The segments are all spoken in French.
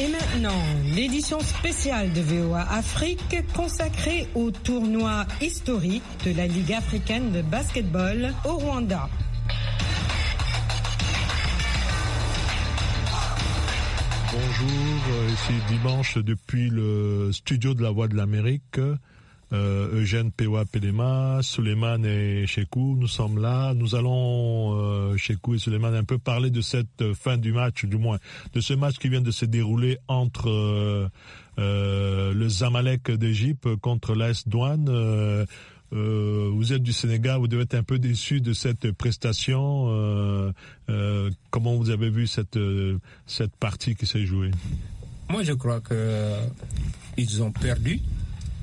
Et maintenant, l'édition spéciale de VOA Afrique consacrée au tournoi historique de la Ligue africaine de basketball au Rwanda. Bonjour, euh, ici dimanche depuis le studio de la Voix de l'Amérique. Euh, Eugène Pewa Pelema, Suleiman et Chekou, nous sommes là. Nous allons, euh, Chekou et Suleiman, un peu parler de cette euh, fin du match, du moins, de ce match qui vient de se dérouler entre... le Zamalek d'Égypte contre l'AS Douane. vous êtes du Sénégal, vous devez être un peu déçu de cette prestation. comment vous avez vu cette, cette partie qui s'est jouée Moi, je crois qu'ils ont perdu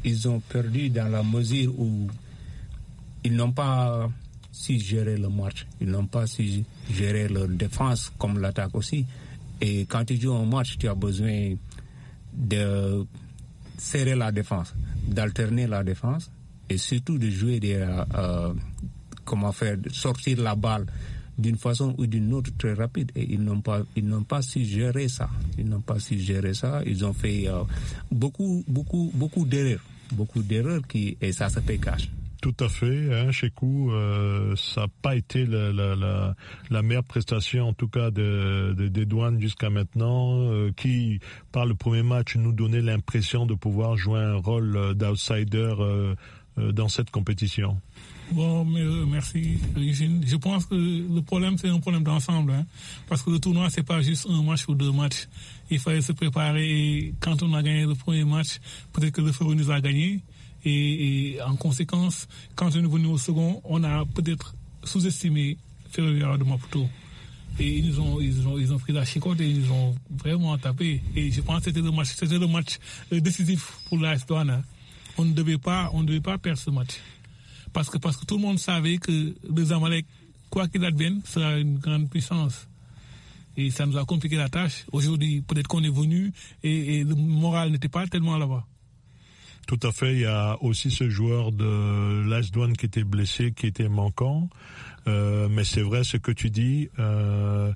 ils ont perdu dans la mesure où ils n'ont pas si gérer le match, ils n'ont pas si gérer leur défense comme l'attaque aussi. Et quand tu joues un match, tu as besoin de serrer la défense, d'alterner la défense et surtout de jouer des euh, euh, comment faire sortir la balle d'une façon ou d'une autre très rapide et ils n'ont pas ils n'ont pas su gérer ça ils n'ont pas si gérer ça ils ont fait euh, beaucoup beaucoup beaucoup d'erreurs beaucoup d'erreurs qui et ça se fait cash. Tout à fait. Hein, chez Coup, euh, ça n'a pas été la, meilleure prestation, en tout cas, de, des douanes jusqu'à maintenant, euh, qui, par le premier match, nous donnait l'impression de pouvoir jouer un rôle euh, d'outsider dans cette compétition. Bon, euh, merci, Régine. Je pense que le problème, c'est un problème d'ensemble. Hein. parce que le tournoi, c'est pas juste un match ou deux matchs. Il fallait se préparer. Et quand on a gagné le premier match, peut-être que le Ferro nous a gagné. Et, en conséquence, quand on est venu au second, on a peut-être sous-estimé Ferroviaire de Maputo. Et ils ont, pris la chicote et ils ont vraiment tapé. Et je pense que c'était le match, c'était le match euh, décisif pour la hein. On ne devait pas, on ne devait pas perdre ce match. Parce que, parce que tout le monde savait que les Amalek, quoi qu'il advienne, sera une grande puissance. Et ça nous a compliqué la tâche. Aujourd'hui, peut-être qu'on est venu et, le moral n'était pas tellement là-bas. Tout à fait. Il y a aussi ce joueur de l'Asdouane qui était blessé, qui était manquant. Euh, mais c'est vrai ce que tu dis. Euh,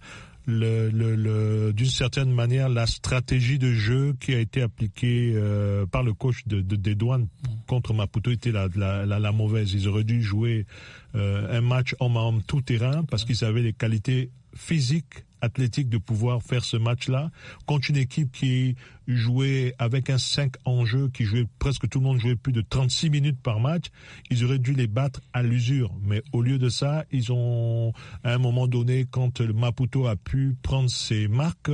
le, d'une certaine manière la stratégie de jeu qui a été appliquée euh, par le coach de, des douanes contre Maputo était la, la, la, mauvaise. Ils auraient dû jouer euh, un match homme à homme tout terrain parce qu'ils avaient les qualités physique, athlétique de pouvoir faire ce match-là contre une équipe qui jouait avec un 5 en jeu, qui jouait presque tout le monde jouait plus de 36 minutes par match. Ils auraient dû les battre à l'usure. Mais au lieu de ça, ils ont, à un moment donné, quand le Maputo a pu prendre ses marques,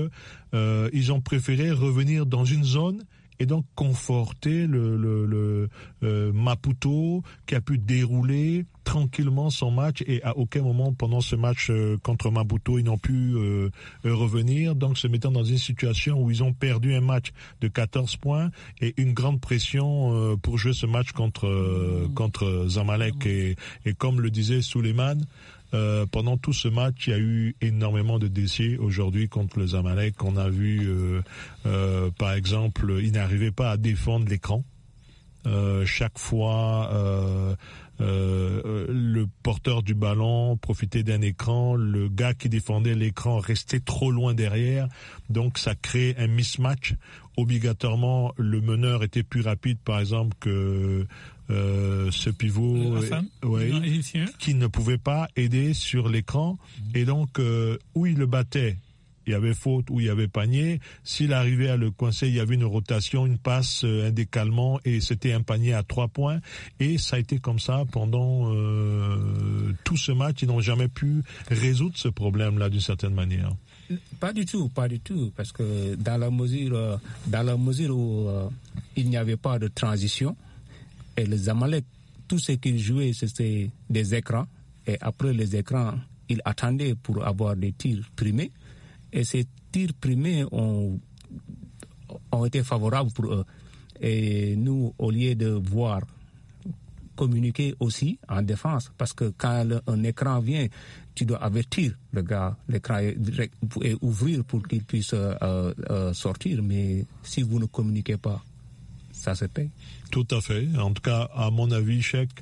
euh, ils ont préféré revenir dans une zone et donc conforter le, euh, Maputo qui a pu dérouler tranquillement son match et à aucun moment pendant ce match euh, contre Maputo ils n'ont pu euh, revenir donc se mettant dans une situation où ils ont perdu un match de 14 points et une grande pression pour jouer ce match contre contre Zamalek et, et comme le disait Suleiman euh, pendant tout ce match, il y a eu énormément de décès aujourd'hui contre le Zamalek. On a vu, euh, euh, par exemple, il n'arrivait pas à défendre l'écran. Euh, chaque fois, euh, euh, le porteur du ballon profitait d'un écran, le gars qui défendait l'écran restait trop loin derrière, donc ça crée un mismatch. Obligatoirement, le meneur était plus rapide, par exemple, que ce pivot qui ne pouvait pas aider sur l'écran. Mhm. Et donc, où il le battait il y avait faute ou il y avait panier. S'il arrivait à le coincer, il y avait une rotation, une passe, euh, un décalement et c'était un panier à trois points. Et ça a été comme ça pendant euh, tout ce match. Ils n'ont jamais pu résoudre ce problème-là d'une certaine manière. Pas du tout, pas du tout, parce que dans la mesure, euh, dans la mesure où il n'y avait pas de transition, et les Amalek, tout ce qu'ils jouaient, c'était des écrans. Et après les écrans, ils attendaient pour avoir des tirs primés. Et ces tirs primés ont, ont été favorables pour eux. Et nous, au lieu de voir communiquer aussi en défense, parce que quand un écran vient, tu dois avertir le gars, l'écran est, ouvrir pour qu'il puisse euh, euh, sortir, mais si vous ne communiquez pas, ça se paye. Tout à fait. En tout cas, à mon avis, chèque,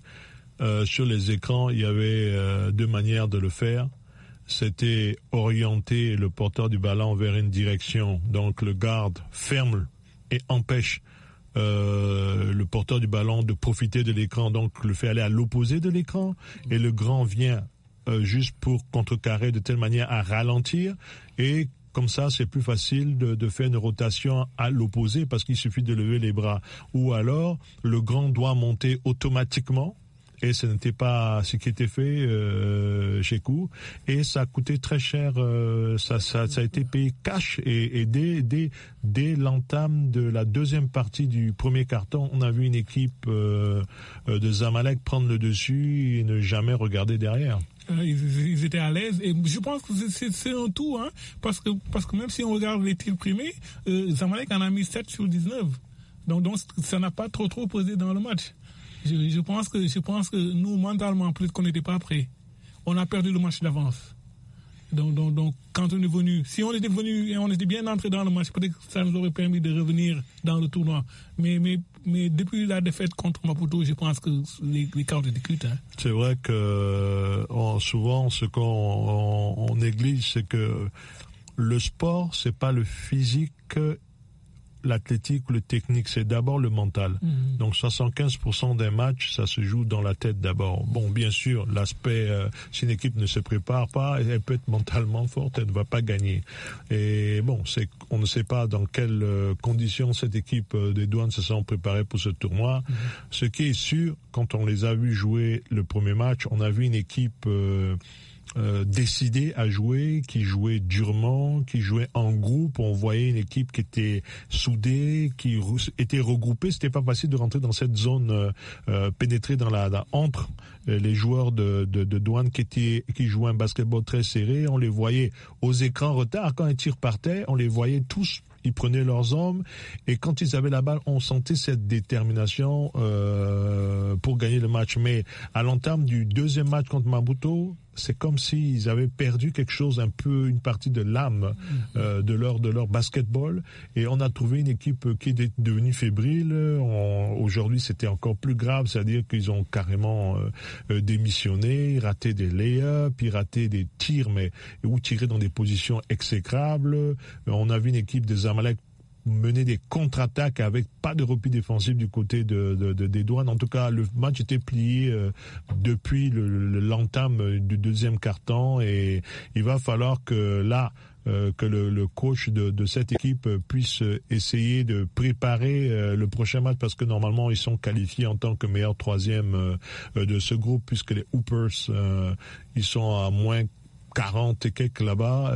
euh, sur les écrans, il y avait deux manières de le faire c'était orienter le porteur du ballon vers une direction. Donc le garde ferme et empêche euh, le porteur du ballon de profiter de l'écran, donc le fait aller à l'opposé de l'écran, et le grand vient euh, juste pour contrecarrer de telle manière à ralentir, et comme ça, c'est plus facile de, faire une rotation à l'opposé parce qu'il suffit de lever les bras. Ou alors, le grand doit monter automatiquement et ce n'était pas ce qui était fait euh, chez Coup et ça a coûté très cher euh, ça, ça, ça, a été payé cash et, dès, dès, dès l'entame de la deuxième partie du premier carton on a vu une équipe euh, de Zamalek prendre le dessus et ne jamais regarder derrière ils, étaient à l'aise. Et je pense que c'est un tout, hein, parce, que, parce que même si on regarde les tirs primés, Zamalek en a mis 7 sur 19. Donc, donc ça n'a pas trop trop posé dans le match je, pense que, je pense que nous, mentalement, peut-être qu'on n'était pas prêt, On a perdu le match d'avance. Donc, donc, donc, quand on est venu, si on était venu et on était bien entré dans le match, peut-être que ça nous aurait permis de revenir dans le tournoi. Mais, mais, mais depuis la défaite contre Maputo, je pense que les, cartes étaient hein. C'est vrai que euh, souvent, ce qu'on néglige, c'est que le sport, c'est pas le physique l'athlétique, le technique, c'est d'abord le mental. Mhm. Donc 75% des matchs, ça se joue dans la tête d'abord. Bon, bien sûr, l'aspect, euh, si une équipe ne se prépare pas, elle peut être mentalement forte, elle ne va pas gagner. Et bon, c'est, on ne sait pas dans quelles euh, conditions cette équipe euh, des douanes se sent préparée pour ce tournoi. Mhm. Ce qui est sûr, quand on les a vus jouer le premier match, on a vu une équipe... Euh, décidés à jouer, qui jouait durement, qui jouait en groupe. On voyait une équipe qui était soudée, qui était regroupée. C'était pas facile de rentrer dans cette zone euh, euh pénétrée dans la, entre euh, les joueurs de, de, douane qui étaient qui jouaient un basketball très serré. On les voyait aux écrans retard quand un tir partait. On les voyait tous ils prenaient leurs hommes et quand ils avaient la balle, on sentait cette détermination pour gagner le match. Mais à l'entame du deuxième match contre Mabuto, c'est comme s'ils avaient perdu quelque chose, un peu une partie de l'âme euh, mhm. de leur de leur basketball. Et on a trouvé une équipe qui est devenue fébrile. Aujourd'hui, c'était encore plus grave, c'est-à-dire qu'ils ont carrément euh, euh, démissionné, raté des lay-ups, raté des tirs, mais ou tiré dans des positions exécrables. On a vu une équipe des Amalek mener des contre-attaques avec pas de repli défensif du côté de, des douanes. En tout cas, le match était plié euh, depuis l'entame du deuxième quart-temps et il va falloir que là, euh, que le, coach de, de, cette équipe puisse essayer de préparer euh, le prochain match parce que normalement ils sont qualifiés en tant que meilleur troisième de ce groupe puisque les Hoopers ils sont à moins 40 et quelques là-bas.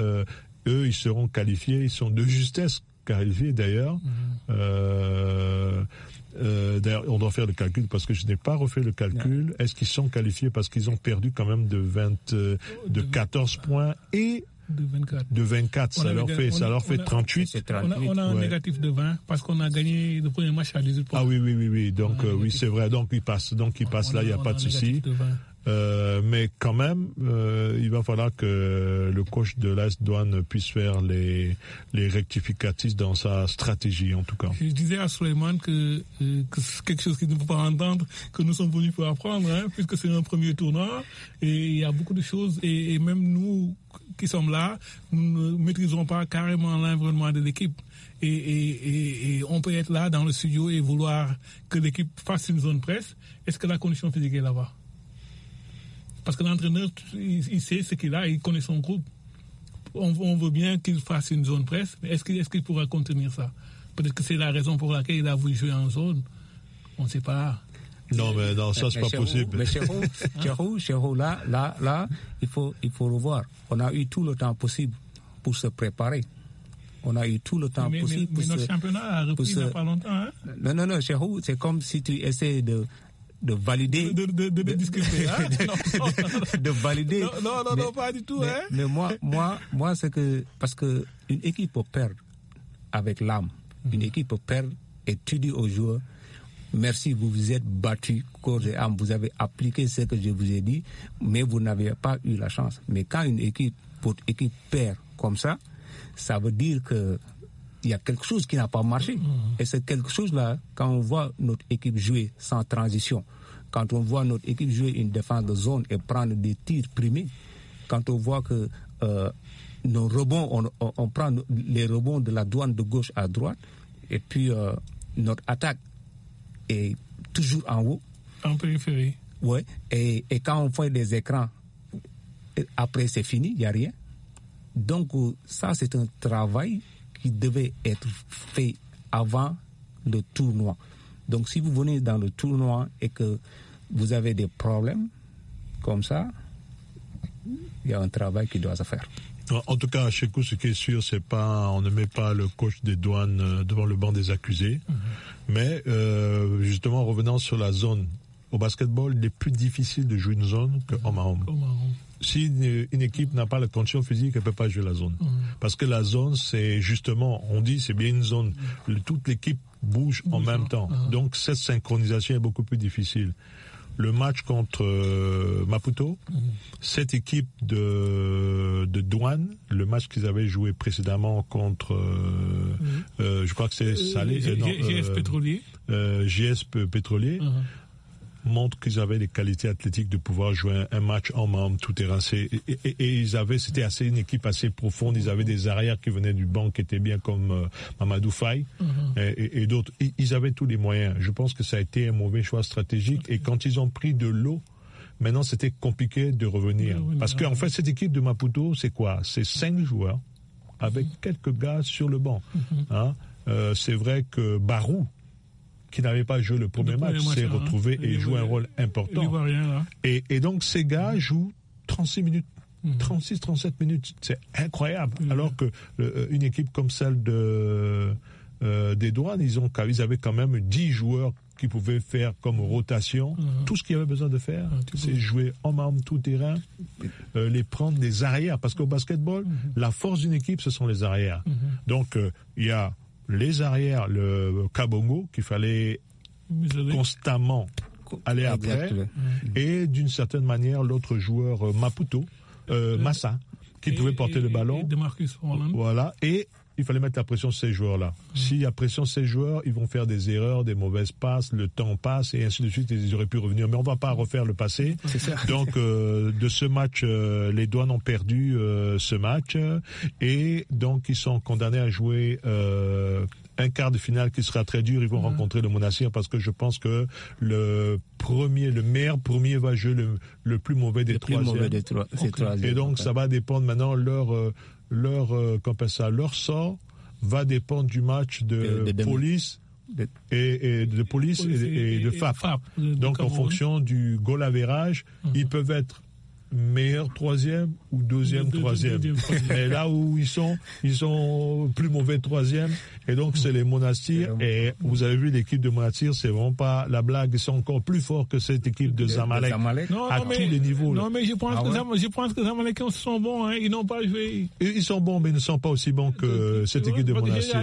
eux, ils seront qualifiés, ils sont de justesse qualifiés d'ailleurs. Mhm. Euh, euh, d'ailleurs, on doit faire le calcul parce que je n'ai pas refait le calcul. Est-ce qu'ils sont qualifiés parce qu'ils ont perdu quand même de 20, euh, de 14 points et de 24. ça leur, fait, ça leur fait, 38. On, a, un négatif de 20 parce qu'on a gagné le premier match à 18 points. Ah oui, oui, oui, oui. Donc, oui, c'est vrai. Donc, ils passent, donc, ils passent là, il n'y a, pas de souci. Euh, mais quand même, euh, il va falloir que le coach de l'Est Douane puisse faire les, les rectificatifs dans sa stratégie, en tout cas. Je disais à Suleiman que, euh, que c'est quelque chose qu'il ne faut pas entendre, que nous sommes venus pour apprendre, hein, puisque c'est un premier tournoi, et il y a beaucoup de choses, et, et même nous qui sommes là, nous ne maîtrisons pas carrément l'environnement de l'équipe. Et, et, et, on peut être là dans le studio et vouloir que l'équipe fasse une zone presse. Est-ce que la condition physique est là-bas parce que l'entraîneur, il, sait ce qu'il a, il connaît son groupe. On, veut bien qu'il fasse une zone presse, mais est-ce qu'il pourra contenir ça Peut-être que c'est la raison pour laquelle il a voulu jouer en zone. On ne sait pas. Non, mais non, ça, c'est pas possible. mais Chéro, là, là, là, il faut, il faut revoir. On a eu tout le temps possible pour se préparer. On a eu tout le temps possible. Mais, mais pour notre championnat a repris pas longtemps. Hein? Non, non, non, vous, c'est comme si tu essaies de, de valider. De, de, discuter, hein? de valider. Non, non, non, pas du tout. Mais, hein? mais moi, moi, moi c'est que. Parce qu'une équipe peut perdre avec l'âme. Hmm. Une équipe peut perdre et tu dis aux joueurs merci, vous vous êtes battu corps et âme, vous avez appliqué ce que je vous ai dit, mais vous n'avez pas eu la chance. Mais quand une équipe, équipe perd comme ça, ça veut dire que il y a quelque chose qui n'a pas marché. Mm. Et c'est quelque chose-là, quand on voit notre équipe jouer sans transition, quand on voit notre équipe jouer une défense de zone et prendre des tirs primés, quand on voit que euh, nos rebonds, on, on, prend les rebonds de la douane de gauche à droite, et puis euh, notre attaque est toujours en haut. En périphérie. Oui, et, quand on fait des écrans, après c'est fini, il n'y a rien. Donc euh, ça, c'est un travail qui devait être fait avant le tournoi. Donc si vous venez dans le tournoi et que vous avez des problèmes comme ça, il y a un travail qui doit se faire. En tout cas, à coup, ce qui est sûr, c'est pas, on ne met pas le coach des douanes euh, devant le banc des accusés. Mhm. Mais euh, justement, revenant sur la zone, au basketball, il est plus difficile de jouer une zone qu'en Mahomes si une, équipe n'a pas la condition physique, elle peut pas jouer la zone. Mhm. Parce que la zone, c'est justement, on dit, c'est bien une zone. toute l'équipe bouge en même temps. Ah. Donc cette synchronisation est beaucoup plus difficile. Le match contre euh, Maputo, mhm. cette équipe de, de douane, le match qu'ils avaient joué précédemment contre, mhm. euh, euh, je crois que c'est Salé, GS Pétrolier, GS Pétrolier. Uh-huh montrent qu'ils avaient les qualités athlétiques de pouvoir jouer un, match en membre tout terrain. Et, ils avaient, c'était assez une équipe assez profonde. Ils avaient des arrières qui venaient du banc qui étaient bien comme euh, Mamadou Faye mhm. et, d'autres. Ils avaient tous les moyens. Je pense que ça a été un mauvais choix stratégique. Et quand ils ont pris de l'eau, maintenant c'était compliqué de revenir. Parce qu'en en fait, cette équipe de Maputo, c'est quoi C'est cinq joueurs avec mhm. quelques gars sur le banc. Mhm. Hein. Euh, c'est vrai que Barou, qui n'avait pas joué le premier match, s'est hein, retrouvé hein. et joue un rôle important. Et, et, donc ces gars jouent 36 minutes. 36-37 mhm. minutes, c'est incroyable. Mhm. Alors que euh, une équipe comme celle de, euh, des douanes, ils, ont, ils avaient quand même 10 joueurs qui pouvaient faire comme rotation. Mhm. Tout ce qu'il avaient avait besoin de faire, ah, c'est jouer en marne tout terrain, euh, les prendre des arrières. Parce qu'au basketball, la force d'une équipe, ce sont les arrières. Donc il y a les arrières, le Kabongo, qu'il fallait constamment aller après, mm. et d'une certaine manière l'autre joueur euh, Maputo, euh, Massa, qui pouvait porter le ballon. Voilà, et il fallait mettre la pression sur ces joueurs-là. S'il y a pression sur ces joueurs, ils vont faire des erreurs, des mauvaises passes, le temps passe et ainsi de suite, ils auraient pu revenir. Mais on va pas refaire le passé. Donc euh, de ce match, euh, les douanes ont perdu euh, ce match et donc ils sont condamnés à jouer un quart de finale qui sera très dur. Ils vont mhm. rencontrer le Monastir parce que je pense que le premier, le meilleur premier va jouer le, plus mauvais des, le plus trois. Et donc ça va dépendre maintenant leur leur, euh, ça, leur sort va dépendre du match de, police et, de police et, de FAP. Donc, en fonction du goal average, mhm. ils peuvent être meilleur troisième ou deuxième troisième. Mais là où ils sont, ils sont plus mauvais troisième. Et donc c'est les Monastirs. Et vous avez vu l'équipe de Monastirs, c'est vraiment pas la blague. Ils sont encore plus forts que cette équipe de Zamalek. à tous les niveaux. Non, mais ah je pense, que, Zamalek ils sont bons, hein. Ils n'ont pas joué. Ils sont bons, mais ils ne sont pas aussi bons que euh, cette équipe de Monastir.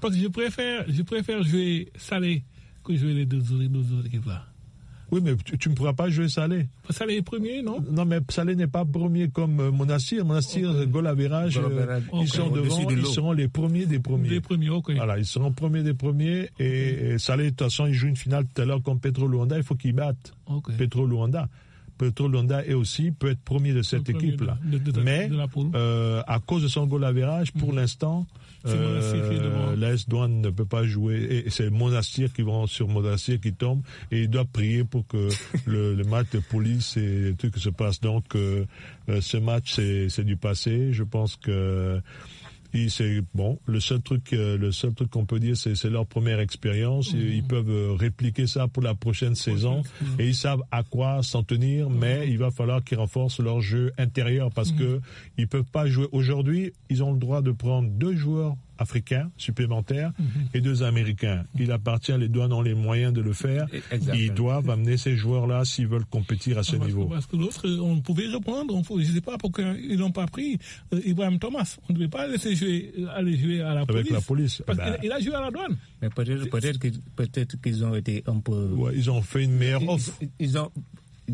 Parce que je préfère, je préfère jouer Salé que jouer les deux, deux, deux équipes là. Oui, mais tu ne pourras pas jouer Salé. Salé est premier, non Non, mais Salé n'est pas premier comme euh, Monastir. Monastir, okay. Euh, ils sont devant, ils seront les premiers des premiers. Les premiers, ok. Voilà, ils seront premiers des premiers. Et, Salé, de toute façon, il joue une finale tout à l'heure contre Petro Luanda. Il faut qu'il batte Petro Luanda. Petro Luanda aussi peut être premier de cette équipe-là. Mais euh, à cause de son golavirage pour mhm. l'instant, euh, douane ne peut pas jouer. Et c'est Monastir qui va sur Monastir qui tombe et il doit prier pour que le, match de police et tout ce qui se passe Donc euh, euh, ce match c'est du passé. Je pense que c'est bon. Le seul truc, euh, le seul truc qu'on peut dire, c'est c'est leur première expérience. Ils mhm. peuvent euh, répliquer ça pour la prochaine saison et ils savent à quoi s'en tenir. Mhm. Mais il va falloir qu'ils renforcent leur jeu intérieur parce mhm. que ils peuvent pas jouer aujourd'hui. Ils ont le droit de prendre deux joueurs africains supplémentaires mhm. et deux américains. Il appartient, les douanes ont les moyens de le faire. Ils doivent amener ces joueurs-là s'ils veulent compétir à ce niveau. parce que l'autre, on pouvait reprendre On, je ne sais pas pourquoi ils n'ont pas pris euh, Ibrahim Thomas. On ne devait pas laisser jouer, euh, aller jouer à la police. la police. Parce bah. qu'il a joué à la douane. Mais peut-être qu'ils peut ont été un peu. ils ont fait une meilleure offre. ils ont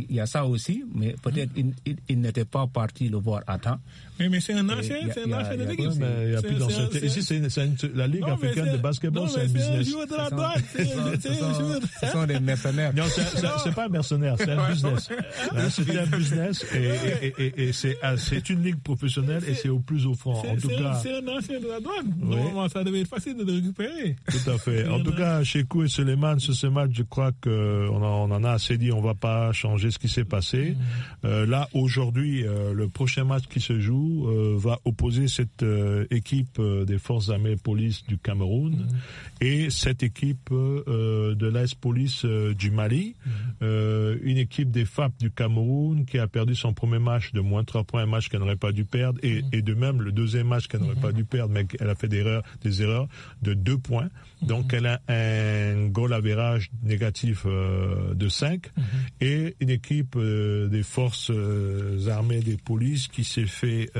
il y a ça aussi, mais peut-être il, n'était pas parti le voir à temps. Mais, c'est un ancien, c'est un ancien de l'équipe. Ici, c'est la Ligue africaine de basketball, c'est un business. C'est un joueur de la droite. Ce sont des mercenaires. Non, c'est pas un mercenaire, c'est un business. Hein, c'est un business et ah, c'est une ligue professionnelle et c'est au plus au offrant. C'est un ancien de la droite. Normalement, ça devait être facile de le récupérer. Tout à fait. En tout cas, chez Kou et Suleiman, sur ce match, je crois qu'on euh, en a assez dit, on ne va pas changer ce qui s'est passé. Mm. Euh, là, aujourd'hui, euh, le prochain match qui se joue euh, va opposer cette équipe des forces armées police du Cameroun mm. et cette équipe de l'AS Police du Mali, mm. une équipe des FAP du Cameroun qui a perdu son premier match de moins 3 points, un match qu'elle n'aurait pas dû perdre, et, de même le deuxième match qu'elle n'aurait pas dû perdre, mais elle a fait des des erreurs de 2 points. Donc mhm. elle a un goal average négatif euh, de 5 mhm. et une équipe euh, des forces euh, armées des polices qui s'est fait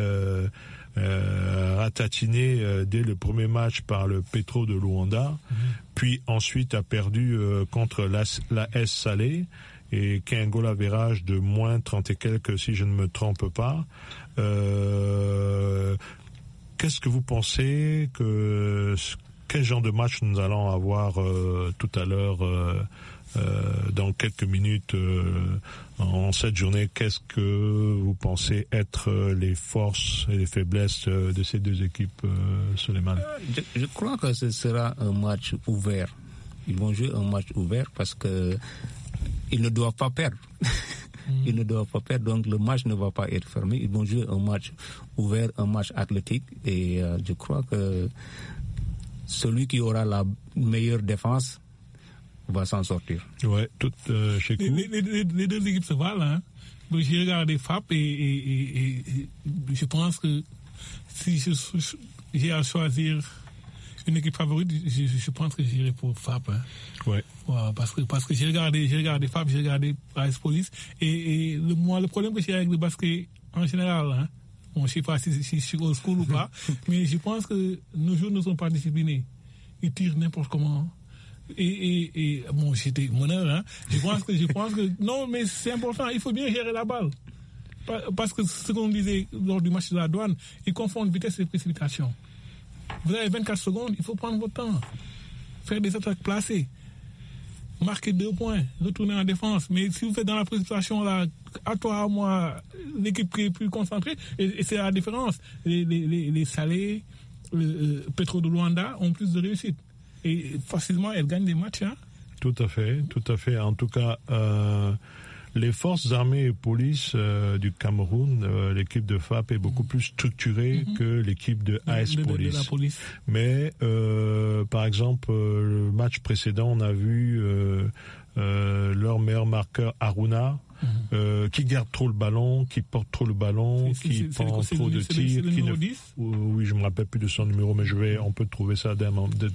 ratatiner dès le premier match par le Petro de Luanda, mhm. puis ensuite a perdu contre la, S Salé et qui a un goal de moins 30 et quelques si je ne me trompe pas. Qu'est-ce que vous pensez que quel genre de match nous allons avoir euh, tout à l'heure euh, euh, dans quelques minutes en cette journée. Qu'est-ce que vous pensez être les forces et les faiblesses de ces deux équipes, les je, je crois que ce sera un match ouvert. Ils vont jouer un match ouvert parce que ils ne doivent pas perdre. ils ne doivent pas perdre. Donc le match ne va pas être fermé. Ils vont jouer un match ouvert, un match athlétique. Et je crois que celui qui aura la meilleure défense va s'en sortir. Ouais, tout euh, les, les, deux équipes se valent. Hein. J'ai regardé FAP et, je pense que si j'ai à choisir une équipe favorite, je, pense que j'irai pour FAP. Hein. Ouais. parce que, parce que j'ai regardé, regardé FAP, j'ai regardé Ice Police. Et, le, moi, le problème que j'ai avec le basket en général, hein, je ne sais pas si, je suis au school ou pas, mais je pense que nos jours ne sont pas disciplinés. Ils tirent n'importe comment. Et, et, bon, j'étais mon hein. Je pense que, je pense que, non, mais c'est important. Il faut bien gérer la balle. Parce que ce qu'on disait lors du match de la douane, ils confondent vitesse et précipitation. Vous avez 24 secondes, il faut prendre votre temps. Faire des attaques placées marquer deux points, retourner en défense. Mais si vous faites dans la précipitation, là, à toi, à moi, l'équipe qui est plus concentrée, et, c'est la différence. Les, les, les, Salés, le, euh, Petro de Luanda ont plus de réussite. Et facilement, elles gagnent des matchs. Hein. Tout à fait, tout à fait. En tout cas, euh, les forces armées et police euh, du Cameroun, l'équipe de FAP est beaucoup mm. plus structurée mm-hmm. que l'équipe de mm-hmm. AS police. Mais par exemple, euh, le match précédent, on a vu euh, euh, leur meilleur marqueur, Aruna, mhm. Euh, qui garde trop le ballon, qui porte trop le ballon, qui prend trop de tirs. Qui ne... oui, je me rappelle plus de son numéro, mais je vais, on peut trouver ça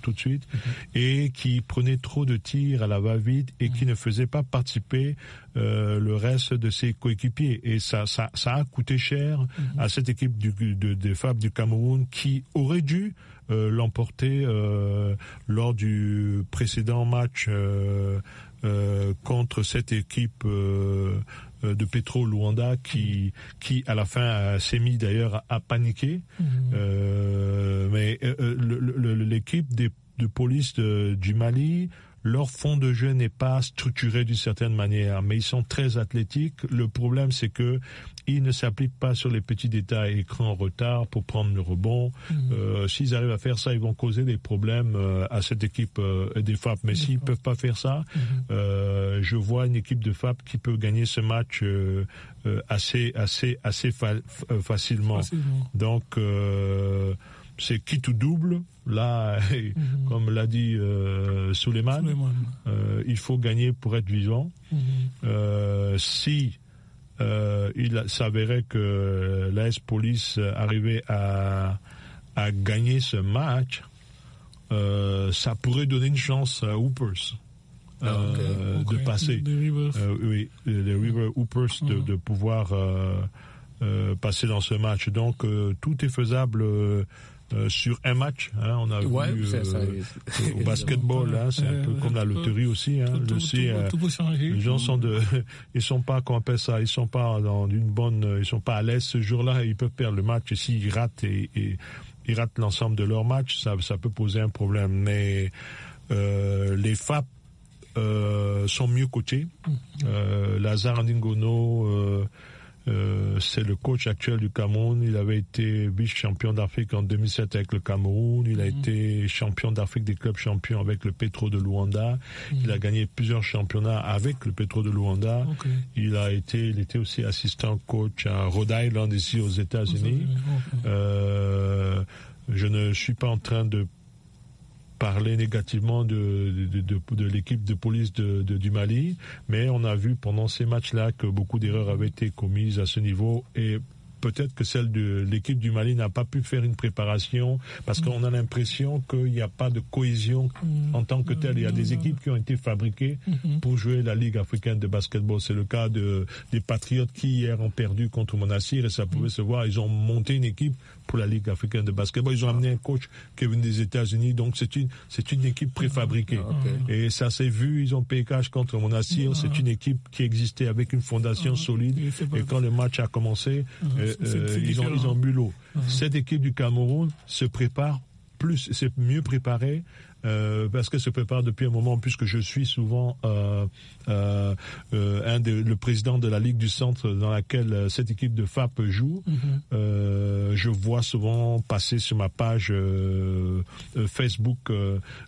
tout de suite. Mhm. Et qui prenait trop de tirs à la va-vite et qui mhm. ne faisait pas participer euh, le reste de ses coéquipiers. Et ça, ça, ça a coûté cher à cette équipe du, de, des Fab du Cameroun qui aurait dû euh, l'emporter euh, lors du précédent match euh, contre cette équipe de Petro Luanda qui qui à la fin s'est mis d'ailleurs à, paniquer mhm. mais l'équipe de police du Mali leur fond de jeu n'est pas structuré d'une certaine manière, mais ils sont très athlétiques. Le problème, c'est que ils ne s'appliquent pas sur les petits détails, écran en retard pour prendre le rebond. Mhm. Euh, S'ils arrivent à faire ça, ils vont causer des problèmes euh, à cette équipe euh, des FAP. Mais s'ils peuvent pas faire ça, mhm. euh, je vois une équipe de FAP qui peut gagner ce match euh, assez, assez, assez facilement. facilement. Donc c'est qui ou double Là, mhm. comme l'a dit euh, Suleiman, euh, il faut gagner pour être vivant. Mhm. Euh, si euh, il s'avérait que l'AS Police arrivait à, à, gagner ce match, ça pourrait donner une chance à Hoopers. Ah, de passer, oui, les River Hoopers de, mhm. de, pouvoir passer dans ce match. Donc tout est faisable euh, sur un match. Hein, on a vu euh, au basketball, hein, c'est un peu comme la loterie aussi. Hein, euh, les gens sont de, ils sont pas, qu'on appelle ça, ils sont pas dans une bonne, ils sont pas à l'aise ce jour-là. Ils peuvent perdre le match s'ils ratent et, et ils ratent l'ensemble de leur match, ça, peut poser un problème. Mais les FAP sont mieux cotés. Mm. Lazare Ningono. Euh, c'est le coach actuel du Cameroun. Il avait été vice-champion d'Afrique en 2007 avec le Cameroun. Il a mhm. été champion d'Afrique des clubs champions avec le Petro de Luanda. Mhm. Il a gagné plusieurs championnats avec le Petro de Luanda. Il a été, il était aussi assistant coach à Rhode Island ici aux États-Unis. Euh, je ne suis pas en train de parler négativement de, de, de, de l'équipe de police du Mali, mais on a vu pendant ces matchs-là que beaucoup d'erreurs avaient été commises à ce niveau et peut-être que celle de l'équipe du Mali n'a pas pu faire une préparation parce mm. qu'on a l'impression qu'il n'y a pas de cohésion mm. en tant que telle. Il y a mm. des équipes qui ont été fabriquées mm-hmm. pour jouer la Ligue africaine de basketball. C'est le cas de, des Patriotes qui hier ont perdu contre Monastir et ça pouvait se voir. Ils ont monté une équipe pour la Ligue africaine de basketball. Ils ont amené un coach qui est venu des États-Unis. Donc c'est une, c'est une équipe préfabriquée. Ah, et ça s'est vu. Ils ont payé cash contre Monastir. Ah. C'est une équipe qui existait avec une fondation ah. solide. Et quand le match a commencé, euh, euh, ils, ont, hein. ils Cette équipe du Cameroun se prépare plus, c'est mieux préparé euh, parce que se prépare depuis un moment, puisque je suis souvent euh, euh, euh, un des, le président de la Ligue du Centre dans laquelle euh, cette équipe de FAP joue. Mm-hmm. je vois souvent passer sur ma page Facebook,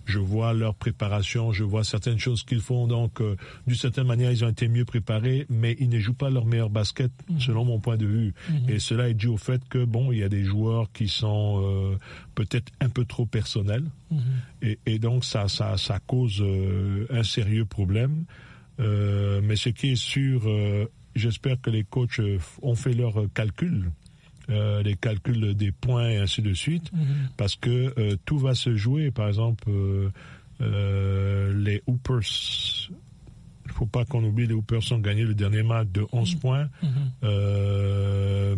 je vois leur préparation, je vois certaines choses qu'ils font. Donc, d'une certaine manière, ils ont été mieux préparés, mais ils ne jouent pas leur meilleur basket, mm-hmm. selon mon point de vue. Mm-hmm. Et cela est dû au fait que, bon, il y a des joueurs qui sont peut-être un peu trop personnels. Mm-hmm. Et, donc ça, ça, cause euh, un sérieux problème. Euh, mais ce qui est sûr, euh, j'espère que les coachs ont fait leurs calculs. les calculs des points et ainsi de suite, mm-hmm. parce que tout va se jouer. Par exemple, les Hoopers, il ne faut pas qu'on oublie, les Hoopers ont gagné le dernier match de 11 mm-hmm. points,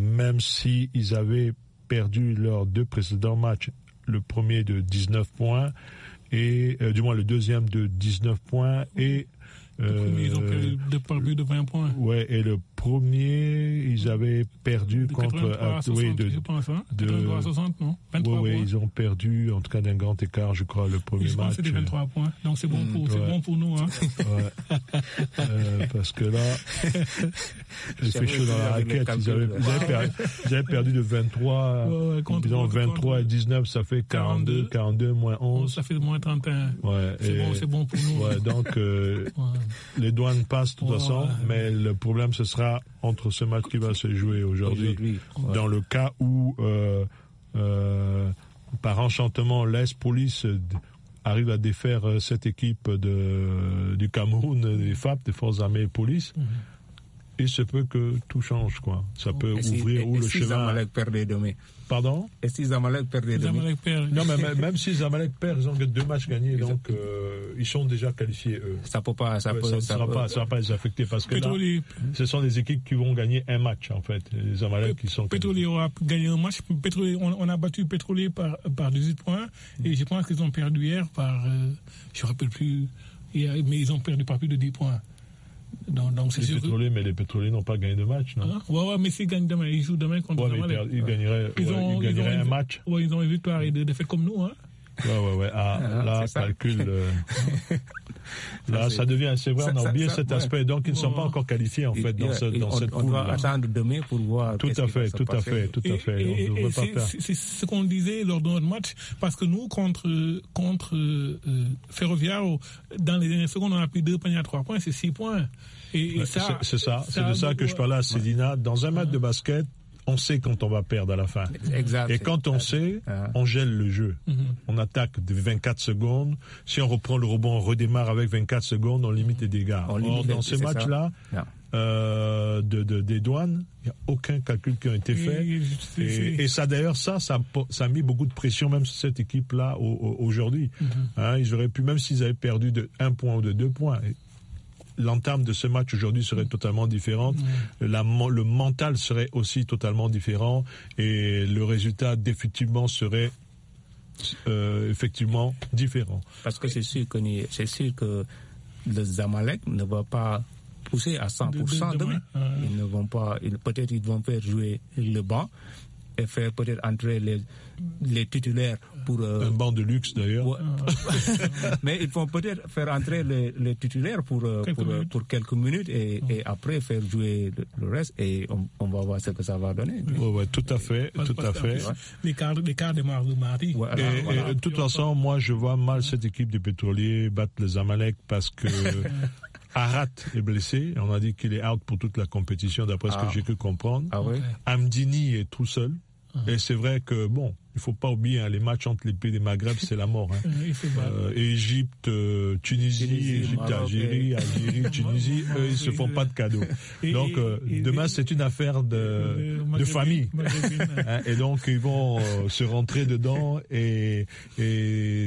même s'ils ils avaient perdu leurs deux précédents matchs le premier de 19 points, et euh, du moins le deuxième de 19 points, et euh, ils ont perdu but de 20 points. Ouais, et le premier, ils avaient perdu de contre Atoué ah, de, je pense, hein, de 23 à 60, non 23 ouais, ouais, ils ont perdu en tout cas d'un grand écart, je crois, le premier je C'est C'était euh, 23 points, donc c'est bon mm, pour, bon pour nous. Hein. euh, parce que là, je fait chaud dans la raquette. Ils avaient, perdu, perdu, de 23, disons 23 à 19, ça fait 42, 42 moins 11. Ça fait moins 31. Ouais, c'est bon, bon, pour nous. donc. Euh, les douanes passent de toute façon, mais le problème ce sera entre ce match qui va se jouer aujourd'hui. Dans le cas où, euh, euh, par enchantement, l'Est Police arrive à défaire euh, cette équipe du Cameroun, des FAP, des Forces Armées et Police, mhm. Et se peut que tout change, quoi. Ça peut ouvrir si, ou le si chemin. Zamalek perd les demi. Pardon Et si Zamalek perd les demi Non, mais même si Zamalek perd, ils ont deux matchs gagnés, donc euh, ils sont déjà qualifiés, eux. Ça peut pas, ça, peut, ça, sera Pas, ça va pas les affecter parce que là, ce sont des équipes qui vont gagner un match, en fait. Les Zamalek qui sont. Pétrolier aura gagné un match. Pétrolier, on, a battu Pétrolier par, par 18 points et je pense qu'ils ont perdu hier par, euh, je ne rappelle plus, mais ils ont perdu par plus de 10 points donc les pétroliers, mais les pétroliers n'ont pas gagné de match, non ah, Ouais, ouais, mais s'ils gagnent demain, ils jouent demain contre ouais, Ils, gagneraient, ils gagneraient un match. Ouais, ils ont une victoire et des défaites comme nous, hein Ouais, ouais, ouais. Ah, ah là, calcul. Euh, là, ça devient, assez vrai, on a oublié cet aspect. Donc, ils ne sont pas encore qualifiés, en fait, dans, dans cette on poule. On va attendre demain pour voir. Tout à fait, tout à fait, tout à fait. C'est ce qu'on disait lors de notre match, parce que nous, contre, contre euh, Ferroviaire, dans les dernières secondes, on a pris deux paniers à trois points, c'est six points c'est ça, c'est de ça que je parlais à Cédina. Dans un match de basket, on sait quand on va perdre à la fin. et quand on sait, on gèle le jeu. Mhm. On attaque de 24 secondes. Si on reprend le rebond, on redémarre avec 24 secondes, on limite les dégâts. Or, dans ce match-là, euh, de, des douanes, il n'y a aucun calcul qui a été fait. et, ça, d'ailleurs, ça, ça, ça, a mis beaucoup de pression même sur cette équipe-là aujourd'hui. Mhm. Hein, ils auraient pu, même s'ils avaient perdu de 1 point ou de 2 points, l'entame de ce match aujourd'hui serait mm. totalement différente. Mm. le mental serait aussi totalement différent et le résultat définitivement serait euh, effectivement différent. Parce que c'est sûr que c'est sûr que le Zamalek ne va pas pousser à 100% demain. Ils ne vont pas, peut-être ils vont faire jouer le banc, et faire peut-être entrer les, les titulaires pour... Euh, un banc de luxe d'ailleurs. Mais ils vont peut-être faire entrer les, les titulaires pour euh, quelques, euh, pour, quelques minutes et, et après faire jouer le, reste et on, va voir ce que ça va donner. Oui, ouais, tout à fait, tout à fait. Les cartes de mardi. Marie. et, de toute façon, moi je vois mal cette équipe des pétroliers battre les Amalek parce que... Arat est blessé. On a dit qu'il est out pour toute la compétition, d'après ce que ah. j'ai pu comprendre. Ah Amdini est tout seul. Et c'est vrai que, bon, il faut pas oublier hein, les matchs entre les pays des Maghreb, c'est la mort. Hein. Euh, Égypte, euh, Tunisie, Égypte, Algérie, Algérie, Tunisie, eux ils se font pas de cadeaux. donc euh, demain c'est une affaire de, de famille. Hein. et donc ils vont se rentrer dedans et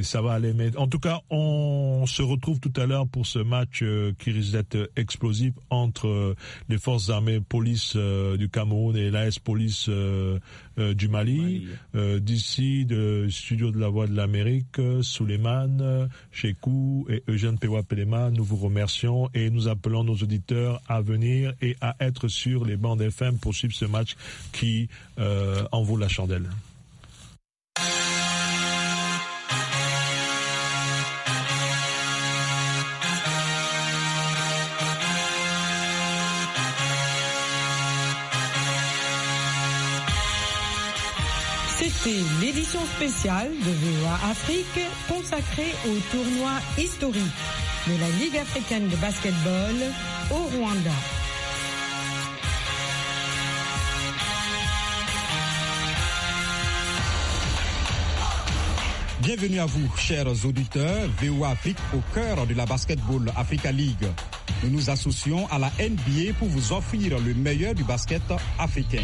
ça va aller. mettre. en tout cas on se retrouve tout à l'heure pour ce match qui risque d'être explosif entre les forces armées police du Cameroun et l'AS police du Mali ici de Studio de la Voix de l'Amérique, euh, Souleymane, euh, Chekou et Eugène Pewa nous vous remercions et nous appelons nos auditeurs à venir et à être sur les bandes FM pour suivre ce match qui euh, en vaut la chandelle. C'est l'édition spéciale de VOA Afrique consacrée au tournoi historique de la Ligue africaine de basketball au Rwanda. Bienvenue à vous, chers auditeurs, VOA Afrique au cœur de la Basketball Africa League. Nous nous associons à la NBA pour vous offrir le meilleur du basket africain.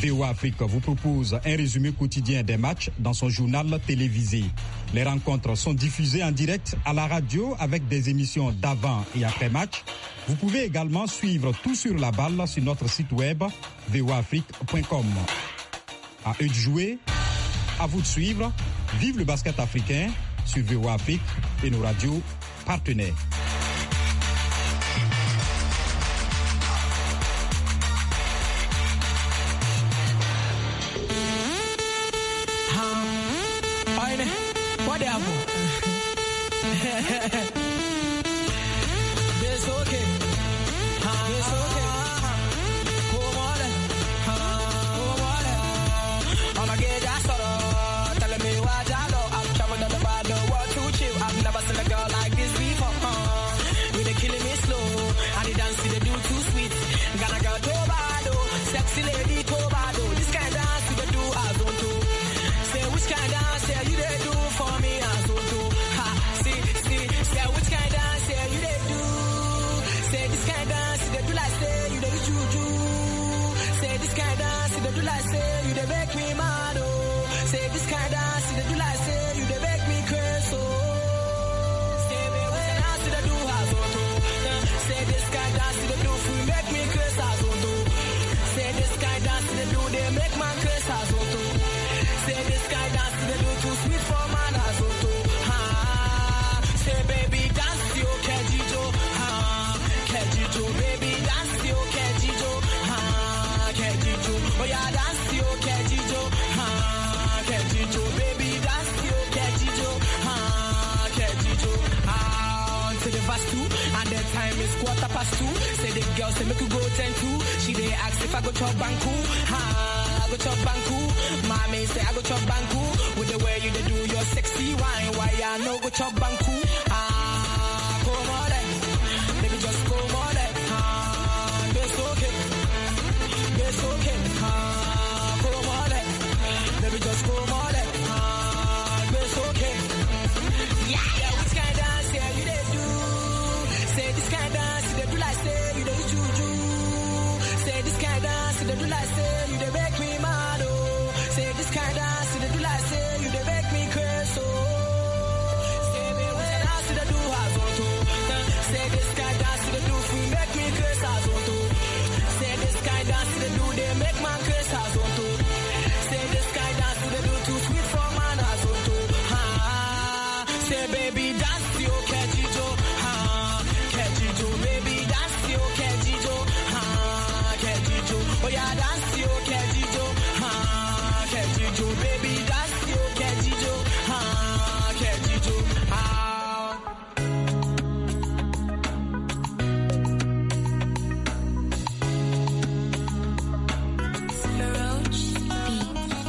VOA Afrique vous propose un résumé quotidien des matchs dans son journal télévisé. Les rencontres sont diffusées en direct à la radio avec des émissions d'avant et après match. Vous pouvez également suivre tout sur la balle sur notre site web voafrique.com. À eux de jouer, à vous de suivre. Vive le basket africain sur VOA Afrique et nos radios partenaires. wani abu too. Say the girl say make you go ten two. She they ask if I go chop banku. Ha, I go chop banku. Mommy say I go chop banku. With the way you they do your sexy wine, why I no go chop banku?